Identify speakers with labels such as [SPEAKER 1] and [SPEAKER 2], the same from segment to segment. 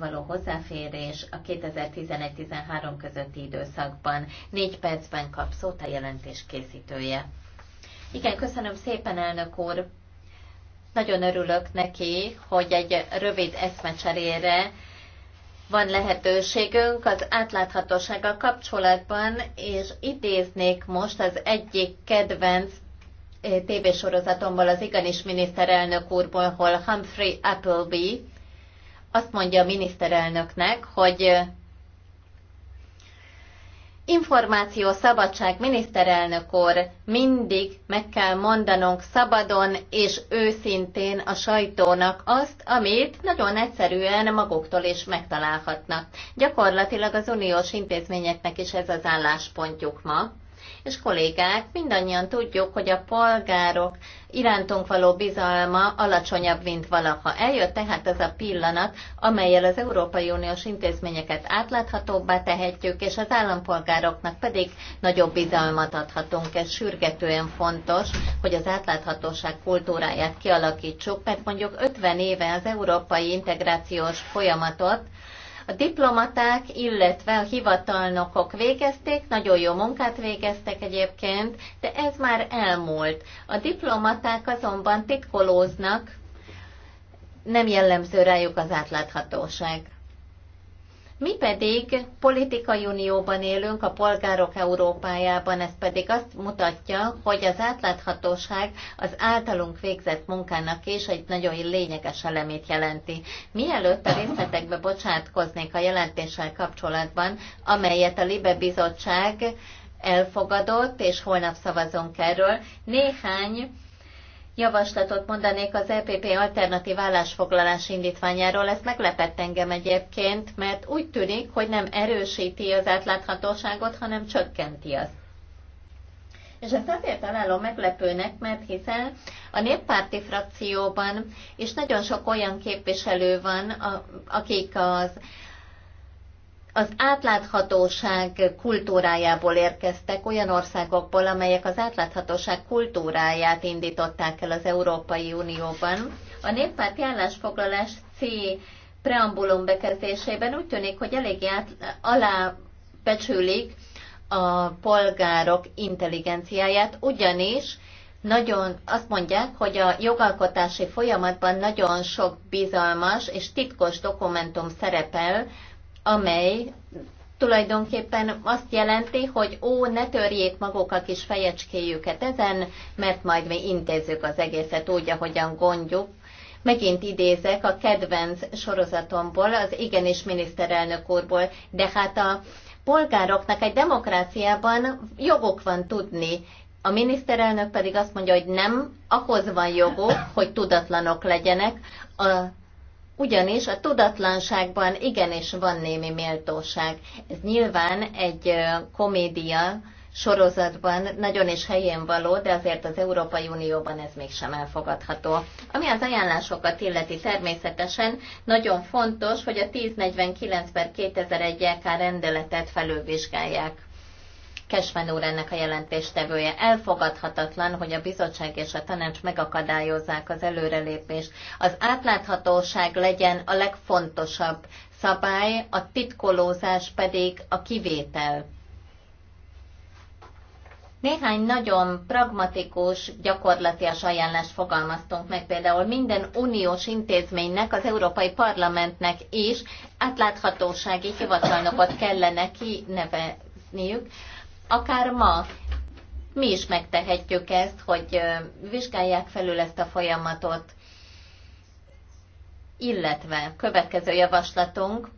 [SPEAKER 1] való hozzáférés a 2011-13 közötti időszakban. Négy percben kap szót a jelentés készítője. Igen, köszönöm szépen, elnök úr. Nagyon örülök neki, hogy egy rövid eszmecserére van lehetőségünk az átláthatósággal kapcsolatban, és idéznék most az egyik kedvenc eh, tévésorozatomból az igenis miniszterelnök úrból, hol Humphrey Appleby azt mondja a miniszterelnöknek, hogy információ szabadság miniszterelnök úr, mindig meg kell mondanunk szabadon és őszintén a sajtónak azt, amit nagyon egyszerűen maguktól is megtalálhatnak. Gyakorlatilag az uniós intézményeknek is ez az álláspontjuk ma és kollégák, mindannyian tudjuk, hogy a polgárok irántunk való bizalma alacsonyabb, mint valaha. Eljött tehát ez a pillanat, amelyel az Európai Uniós intézményeket átláthatóbbá tehetjük, és az állampolgároknak pedig nagyobb bizalmat adhatunk. Ez sürgetően fontos, hogy az átláthatóság kultúráját kialakítsuk, mert mondjuk 50 éve az európai integrációs folyamatot a diplomaták, illetve a hivatalnokok végezték, nagyon jó munkát végeztek egyébként, de ez már elmúlt. A diplomaták azonban titkolóznak, nem jellemző rájuk az átláthatóság. Mi pedig politikai unióban élünk, a polgárok Európájában, ez pedig azt mutatja, hogy az átláthatóság az általunk végzett munkának is egy nagyon lényeges elemét jelenti. Mielőtt a részletekbe bocsátkoznék a jelentéssel kapcsolatban, amelyet a Libe Bizottság elfogadott, és holnap szavazunk erről, néhány javaslatot mondanék az EPP alternatív állásfoglalás indítványáról. Ez meglepett engem egyébként, mert úgy tűnik, hogy nem erősíti az átláthatóságot, hanem csökkenti azt. És ezt azért találom meglepőnek, mert hiszen a néppárti frakcióban is nagyon sok olyan képviselő van, akik az az átláthatóság kultúrájából érkeztek, olyan országokból, amelyek az átláthatóság kultúráját indították el az Európai Unióban. A néppárti állásfoglalás C preambulum bekezdésében úgy tűnik, hogy eléggé alábecsülik a polgárok intelligenciáját, ugyanis nagyon azt mondják, hogy a jogalkotási folyamatban nagyon sok bizalmas és titkos dokumentum szerepel, amely tulajdonképpen azt jelenti, hogy ó, ne törjék maguk a kis fejecskéjüket ezen, mert majd mi intézzük az egészet úgy, ahogyan gondjuk. Megint idézek a kedvenc sorozatomból, az igenis miniszterelnök úrból, de hát a polgároknak egy demokráciában jogok van tudni, a miniszterelnök pedig azt mondja, hogy nem, ahhoz van joguk, hogy tudatlanok legyenek, a ugyanis a tudatlanságban igenis van némi méltóság. Ez nyilván egy komédia sorozatban nagyon is helyén való, de azért az Európai Unióban ez mégsem elfogadható. Ami az ajánlásokat illeti természetesen, nagyon fontos, hogy a 1049 per 2001 EK rendeletet felülvizsgálják. Kesmen úr ennek a jelentéstevője. Elfogadhatatlan, hogy a bizottság és a tanács megakadályozzák az előrelépést. Az átláthatóság legyen a legfontosabb szabály, a titkolózás pedig a kivétel. Néhány nagyon pragmatikus, gyakorlatias ajánlást fogalmaztunk meg, például minden uniós intézménynek, az Európai Parlamentnek is átláthatósági hivatalnokot kellene kinevezniük, akár ma mi is megtehetjük ezt, hogy vizsgálják felül ezt a folyamatot, illetve következő javaslatunk,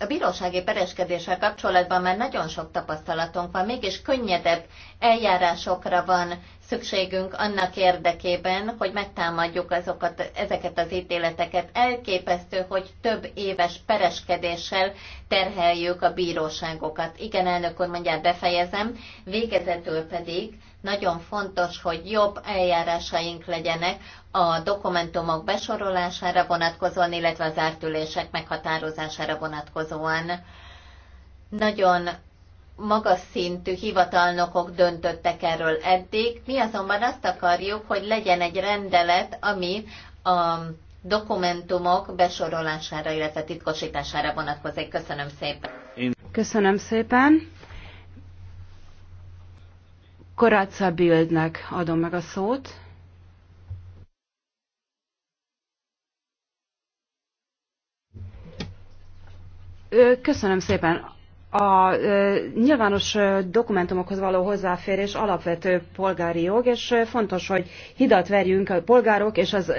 [SPEAKER 1] a bírósági pereskedéssel kapcsolatban már nagyon sok tapasztalatunk van, mégis könnyedebb eljárásokra van szükségünk annak érdekében, hogy megtámadjuk azokat, ezeket az ítéleteket. Elképesztő, hogy több éves pereskedéssel terheljük a bíróságokat. Igen, elnök úr, mondját befejezem. Végezetül pedig nagyon fontos, hogy jobb eljárásaink legyenek a dokumentumok besorolására vonatkozóan, illetve az ártülések meghatározására vonatkozóan. Nagyon magas szintű hivatalnokok döntöttek erről eddig. Mi azonban azt akarjuk, hogy legyen egy rendelet, ami a dokumentumok besorolására, illetve titkosítására vonatkozik. Köszönöm szépen.
[SPEAKER 2] Köszönöm szépen. Koráca Bildnek adom meg a szót. Köszönöm szépen a nyilvános dokumentumokhoz való hozzáférés alapvető polgári jog, és fontos, hogy hidat verjünk a polgárok és az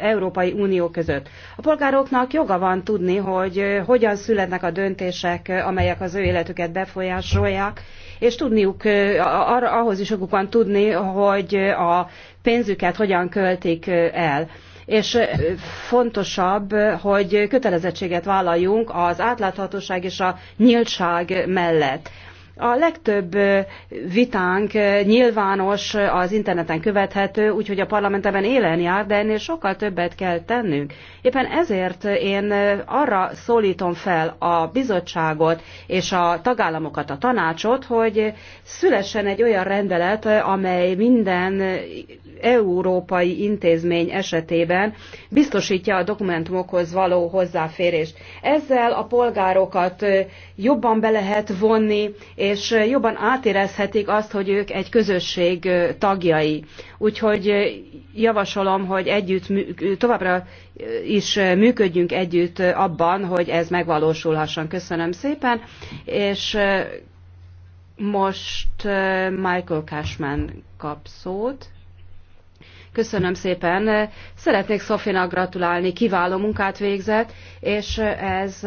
[SPEAKER 2] Európai Unió között. A polgároknak joga van tudni, hogy hogyan születnek a döntések, amelyek az ő életüket befolyásolják, és tudniuk, ahhoz is joguk van tudni, hogy a pénzüket hogyan költik el és fontosabb, hogy kötelezettséget vállaljunk az átláthatóság és a nyíltság mellett. A legtöbb vitánk nyilvános, az interneten követhető, úgyhogy a parlamentben élen jár, de ennél sokkal többet kell tennünk. Éppen ezért én arra szólítom fel a bizottságot és a tagállamokat, a tanácsot, hogy szülessen egy olyan rendelet, amely minden európai intézmény esetében biztosítja a dokumentumokhoz való hozzáférést. Ezzel a polgárokat jobban be lehet vonni, és jobban átérezhetik azt, hogy ők egy közösség tagjai. Úgyhogy javasolom, hogy együtt továbbra is működjünk együtt abban, hogy ez megvalósulhasson. Köszönöm szépen, és most Michael Cashman kap szót. Köszönöm szépen. Szeretnék Szofinak gratulálni, kiváló munkát végzett, és ez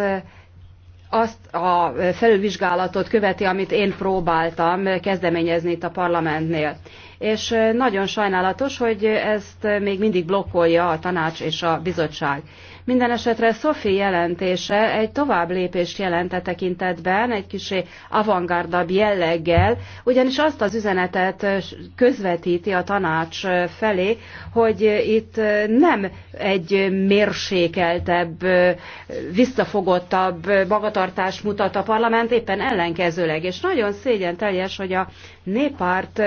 [SPEAKER 2] azt a felülvizsgálatot követi, amit én próbáltam kezdeményezni itt a parlamentnél és nagyon sajnálatos, hogy ezt még mindig blokkolja a tanács és a bizottság. Minden esetre Sophie jelentése egy tovább lépést jelent a e tekintetben, egy kisé avantgardabb jelleggel, ugyanis azt az üzenetet közvetíti a tanács felé, hogy itt nem egy mérsékeltebb, visszafogottabb magatartást mutat a parlament, éppen ellenkezőleg. És nagyon szégyen teljes, hogy a néppárt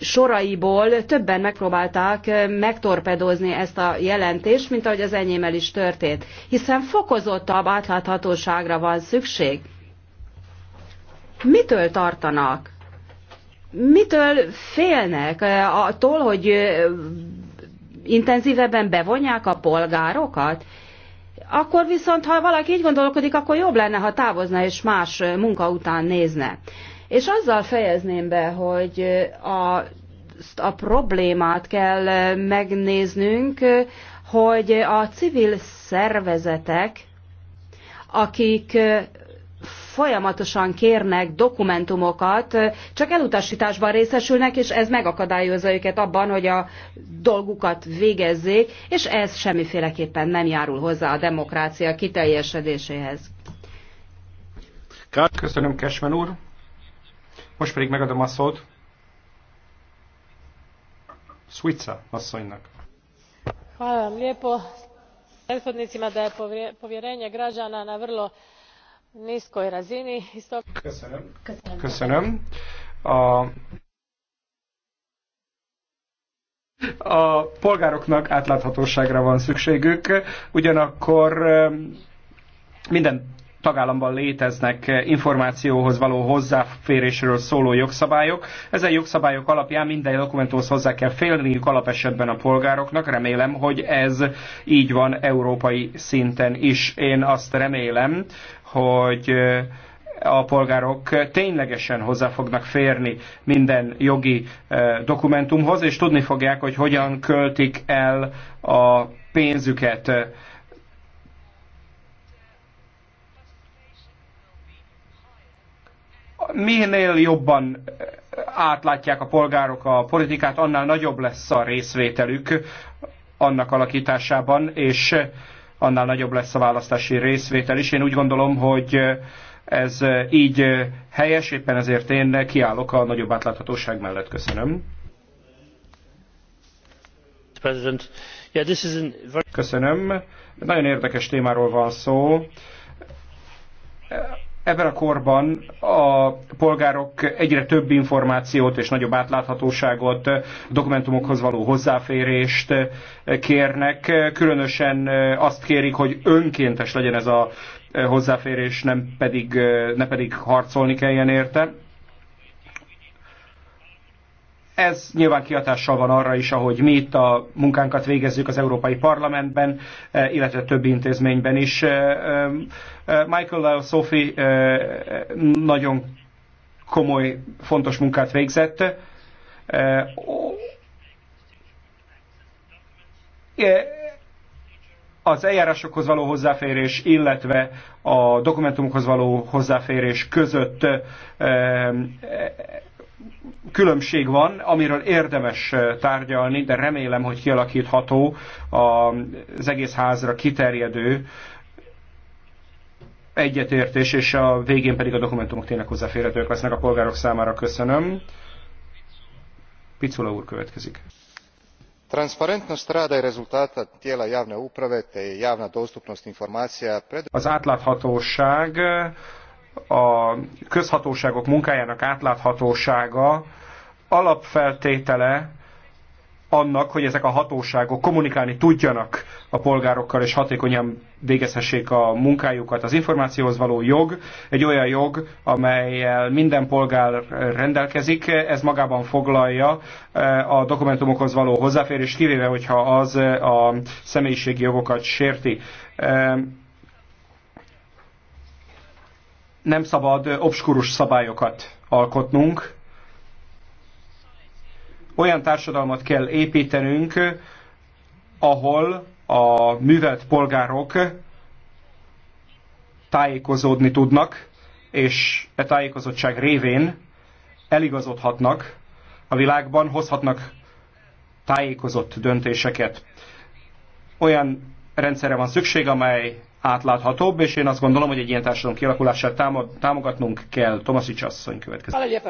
[SPEAKER 2] soraiból többen megpróbálták eh, megtorpedozni ezt a jelentést, mint ahogy az enyémmel is történt. Hiszen fokozottabb átláthatóságra van szükség. Mitől tartanak? Mitől félnek? Eh, attól, hogy eh, intenzívebben bevonják a polgárokat? Akkor viszont, ha valaki így gondolkodik, akkor jobb lenne, ha távozna és más munka után nézne. És azzal fejezném be, hogy a, a problémát kell megnéznünk, hogy a civil szervezetek, akik folyamatosan kérnek dokumentumokat, csak elutasításban részesülnek, és ez megakadályozza őket abban, hogy a dolgukat végezzék, és ez semmiféleképpen nem járul hozzá a demokrácia kiteljesedéséhez.
[SPEAKER 3] Köszönöm, Kesmen úr. Most pedig megadom a szót Switza asszonynak.
[SPEAKER 2] Hvala vam lijepo prethodnicima da je povjerenje građana na vrlo niskoj razini. Köszönöm.
[SPEAKER 1] Köszönöm. Köszönöm.
[SPEAKER 3] A a polgároknak átláthatóságra van szükségük, ugyanakkor minden tagállamban léteznek eh, információhoz való hozzáférésről szóló jogszabályok. Ezen jogszabályok alapján minden dokumentumhoz hozzá kell félniük alapesetben a polgároknak. Remélem, hogy ez így van európai szinten is. Én azt remélem, hogy eh, a polgárok ténylegesen hozzá fognak férni minden jogi eh, dokumentumhoz, és tudni fogják, hogy hogyan költik el a pénzüket minél jobban eh, átlátják a polgárok a politikát, annál nagyobb lesz a részvételük annak alakításában, és eh, annál nagyobb lesz a választási részvétel is. Én úgy gondolom, hogy eh, ez így helyes, éppen ezért én kiállok a nagyobb átláthatóság mellett. Köszönöm. Köszönöm. Nagyon érdekes témáról van szó Ebben a korban a polgárok egyre több információt és nagyobb átláthatóságot, dokumentumokhoz való hozzáférést kérnek. Különösen azt kérik, hogy önkéntes legyen ez a hozzáférés, nem pedig, ne pedig harcolni kelljen érte ez nyilván kihatással van arra is, ahogy mi itt a munkánkat végezzük az Európai Parlamentben, eh, illetve többi intézményben is. Eh, eh, Michael Sophie nagyon komoly, fontos munkát végzett. Az eljárásokhoz való hozzáférés, illetve a dokumentumokhoz való hozzáférés között különbség van, amiről érdemes tárgyalni, de remélem, hogy kialakítható az egész házra kiterjedő egyetértés, és a végén pedig a dokumentumok tényleg hozzáférhetők lesznek a polgárok számára. Köszönöm. Picula úr következik. Transparentnost rada i rezultata tijela javne uprave te javna dostupnost informacija. Az átláthatóság a közhatóságok munkájának átláthatósága alapfeltétele annak, hogy ezek a hatóságok kommunikálni tudjanak a polgárokkal, és hatékonyan végezhessék a munkájukat. Az információhoz való jog egy olyan jog, amelyel minden polgár rendelkezik, ez magában foglalja eh, a dokumentumokhoz való hozzáférés, kivéve, hogyha az eh, a személyiségi jogokat sérti. Eh, nem szabad obskurus szabályokat alkotnunk. Olyan társadalmat kell építenünk, ahol a művelt polgárok tájékozódni tudnak, és e tájékozottság révén eligazodhatnak a világban, hozhatnak tájékozott döntéseket. Olyan rendszerre van szükség, amely átláthatóbb, és én azt gondolom, hogy egy ilyen társadalom kialakulását támogatnunk kell. Tomasics asszony következik.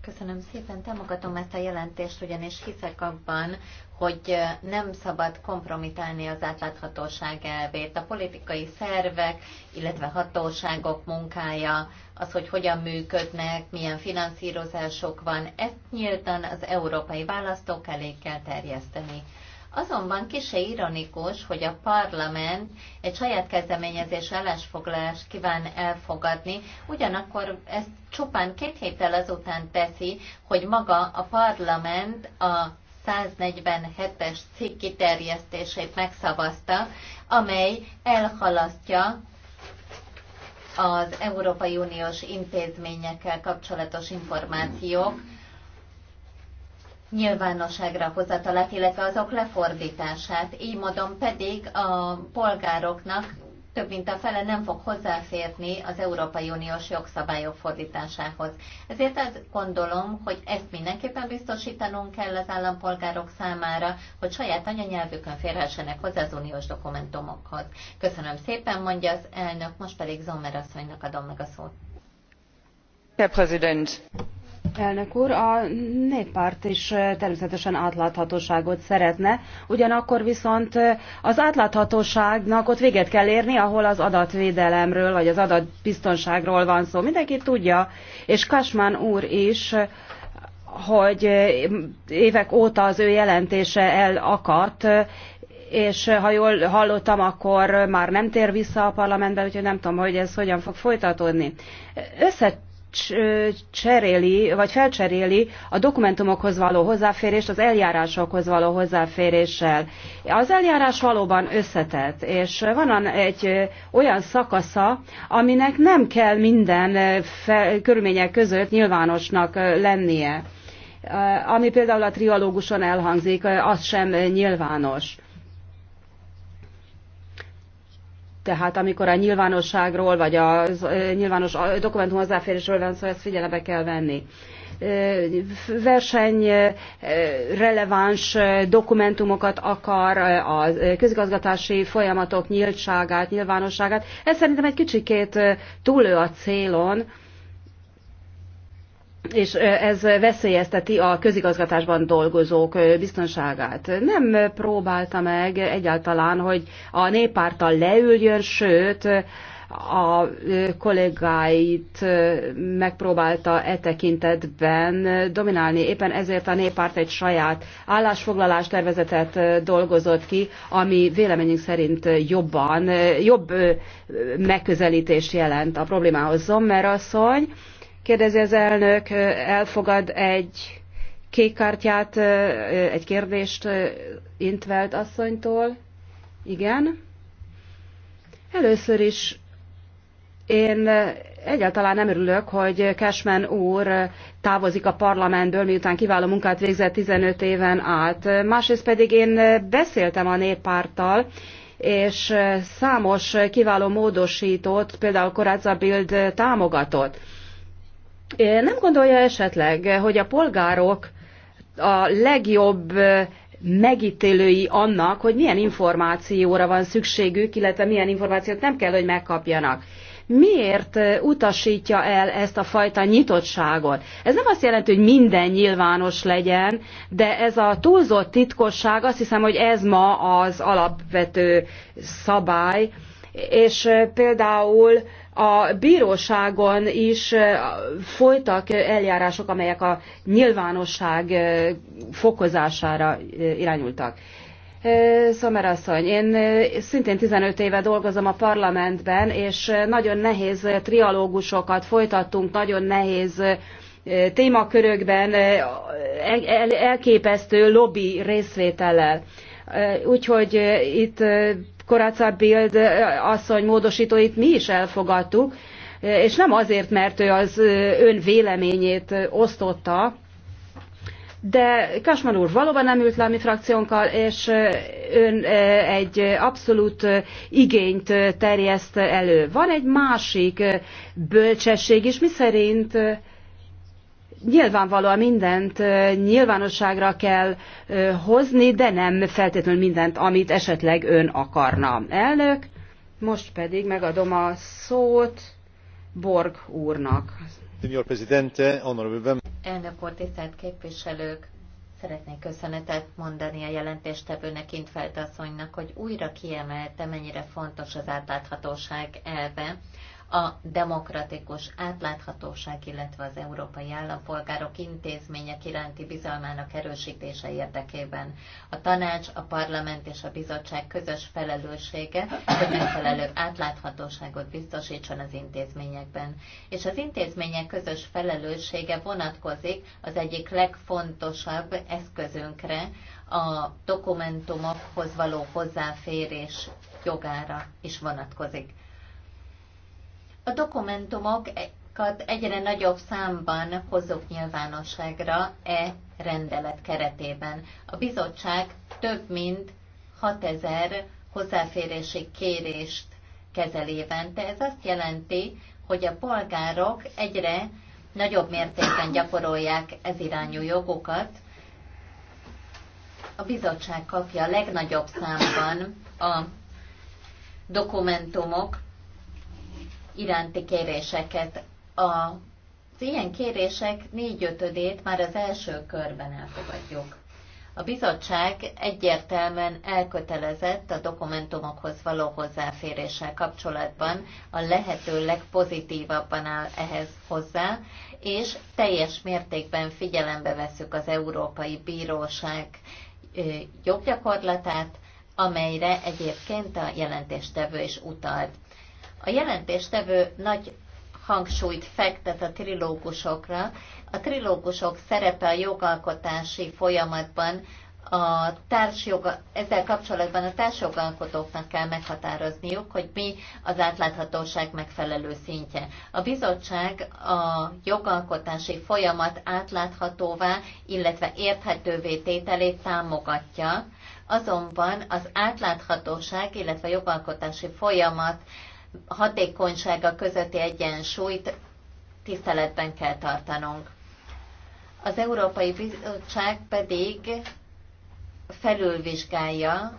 [SPEAKER 1] Köszönöm szépen, támogatom ezt a jelentést, ugyanis hiszek abban, hogy nem szabad kompromitálni az átláthatóság elvét. A politikai szervek, illetve hatóságok munkája, az, hogy hogyan működnek, milyen finanszírozások van, ezt nyíltan az európai választók elé kell terjeszteni. Azonban kise ironikus, hogy a parlament egy saját kezdeményezés állásfoglalást kíván elfogadni, ugyanakkor ezt csupán két héttel azután teszi, hogy maga a parlament a 147-es cikk kiterjesztését megszavazta, amely elhalasztja az Európai Uniós intézményekkel kapcsolatos információk nyilvánosságra hozatalát, illetve azok lefordítását. Így módon pedig a polgároknak több mint a fele nem fog hozzáférni az Európai Uniós jogszabályok fordításához. Ezért azt gondolom, hogy ezt mindenképpen biztosítanunk kell az állampolgárok számára, hogy saját anyanyelvükön férhessenek hozzá az uniós dokumentumokhoz. Köszönöm szépen, mondja az elnök, most pedig Zomer asszonynak adom meg a szót. Herr Präsident!
[SPEAKER 2] Elnök úr, a néppárt is természetesen átláthatóságot szeretne, ugyanakkor viszont az átláthatóságnak ott véget kell érni, ahol az adatvédelemről vagy az adatbiztonságról van szó. Mindenki tudja, és Kasman úr is, hogy évek óta az ő jelentése elakadt, és ha jól hallottam, akkor már nem tér vissza a parlamentbe, úgyhogy nem tudom, hogy ez hogyan fog folytatódni. Összet cseréli, vagy felcseréli a dokumentumokhoz való hozzáférést az eljárásokhoz való hozzáféréssel. Az eljárás valóban összetett, és van egy olyan szakasza, aminek nem kell minden fel, körülmények között nyilvánosnak lennie. Ami például a trialóguson elhangzik, az sem nyilvános. Tehát amikor a nyilvánosságról, vagy a e, nyilvános dokumentum hozzáférésről van szó, ezt figyelembe kell venni e, verseny e, releváns dokumentumokat akar, a közigazgatási folyamatok nyíltságát, nyilvánosságát. Ez szerintem egy kicsikét túlő a célon, és ez veszélyezteti a közigazgatásban dolgozók biztonságát. Nem próbálta meg egyáltalán, hogy a néppárttal leüljön, sőt, a kollégáit megpróbálta e tekintetben dominálni. Éppen ezért a néppárt egy saját állásfoglalás tervezetet dolgozott ki, ami véleményünk szerint jobban, jobb megközelítés jelent a problémához. Zommer asszony, Kérdezi az elnök, elfogad egy kékkártyát, egy kérdést Intveld asszonytól. Igen. Először is én egyáltalán nem örülök, hogy Cashman úr távozik a parlamentből, miután kiváló munkát végzett 15 éven át. Másrészt pedig én beszéltem a néppárttal, és számos kiváló módosítót, például Koráca Bild támogatott. Nem gondolja esetleg, hogy a polgárok a legjobb megítélői annak, hogy milyen információra van szükségük, illetve milyen információt nem kell, hogy megkapjanak. Miért utasítja el ezt a fajta nyitottságot? Ez nem azt jelenti, hogy minden nyilvános legyen, de ez a túlzott titkosság, azt hiszem, hogy ez ma az alapvető szabály, és például a bíróságon is folytak eljárások, amelyek a nyilvánosság fokozására irányultak. Szomer asszony, én szintén 15 éve dolgozom a parlamentben, és nagyon nehéz trialógusokat folytattunk, nagyon nehéz témakörökben e-, elképesztő lobby részvétellel. Úgyhogy itt Koráca Bild asszony módosítóit mi is elfogadtuk, és nem azért, mert ő az ön véleményét osztotta, de Kasman úr valóban nem ült le a mi frakciónkkal, és ön egy abszolút igényt terjeszt elő. Van egy másik bölcsesség is, miszerint szerint nyilvánvalóan mindent nyilvánosságra kell hozni, de nem feltétlenül mindent, amit esetleg ön akarna. Elnök, most pedig megadom a szót Borg úrnak.
[SPEAKER 1] Signor Presidente, honorable Elnök úr, tisztelt képviselők! Szeretnék köszönetet mondani a jelentéstevőnek, Intfeld asszonynak, hogy újra kiemelte, mennyire fontos az átláthatóság elve a demokratikus átláthatóság, illetve az európai állampolgárok intézmények iránti bizalmának erősítése érdekében. A tanács, a parlament és a bizottság közös felelőssége, hogy megfelelő átláthatóságot biztosítson az intézményekben. És az intézmények közös felelőssége vonatkozik az egyik legfontosabb eszközünkre, a dokumentumokhoz való hozzáférés jogára is vonatkozik. A dokumentumokat egyre nagyobb számban hozzuk nyilvánosságra e rendelet keretében. A bizottság több mint 6000 hozzáférési kérést kezel évente. Ez azt jelenti, hogy a polgárok egyre nagyobb mértékben gyakorolják ez irányú jogokat. A bizottság kapja a legnagyobb számban a dokumentumok iránti kéréseket. A az ilyen kérések négyötödét már az első körben elfogadjuk. A bizottság egyértelműen elkötelezett a dokumentumokhoz való hozzáféréssel kapcsolatban, a lehető legpozitívabban áll ehhez hozzá, és teljes mértékben figyelembe vesszük az Európai Bíróság joggyakorlatát, amelyre egyébként a jelentéstevő is utalt. A jelentéstevő nagy hangsúlyt fektet a trilógusokra. A trilógusok szerepe a jogalkotási folyamatban a társjoga, ezzel kapcsolatban a társjogalkotóknak kell meghatározniuk, hogy mi az átláthatóság megfelelő szintje. A bizottság a jogalkotási folyamat átláthatóvá, illetve érthetővé tételét támogatja, azonban az átláthatóság, illetve a jogalkotási folyamat hatékonysága közötti egyensúlyt tiszteletben kell tartanunk. Az Európai Bizottság pedig felülvizsgálja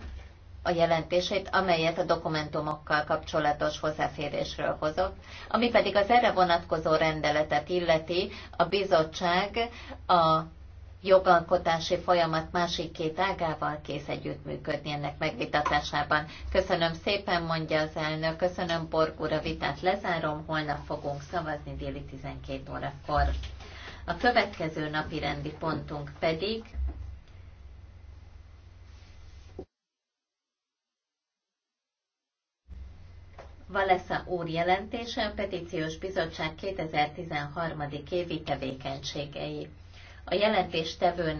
[SPEAKER 1] a jelentését, amelyet a dokumentumokkal kapcsolatos hozzáférésről hozott, ami pedig az erre vonatkozó rendeletet illeti, a bizottság a jogalkotási folyamat másik két ágával kész együttműködni ennek megvitatásában. Köszönöm szépen, mondja az elnök, köszönöm Borgúr a vitát lezárom, holnap fogunk szavazni déli 12 órakor. A következő napi rendi pontunk pedig Valesza úr jelentése a Petíciós Bizottság 2013. évi tevékenységei a jelentéstevőnek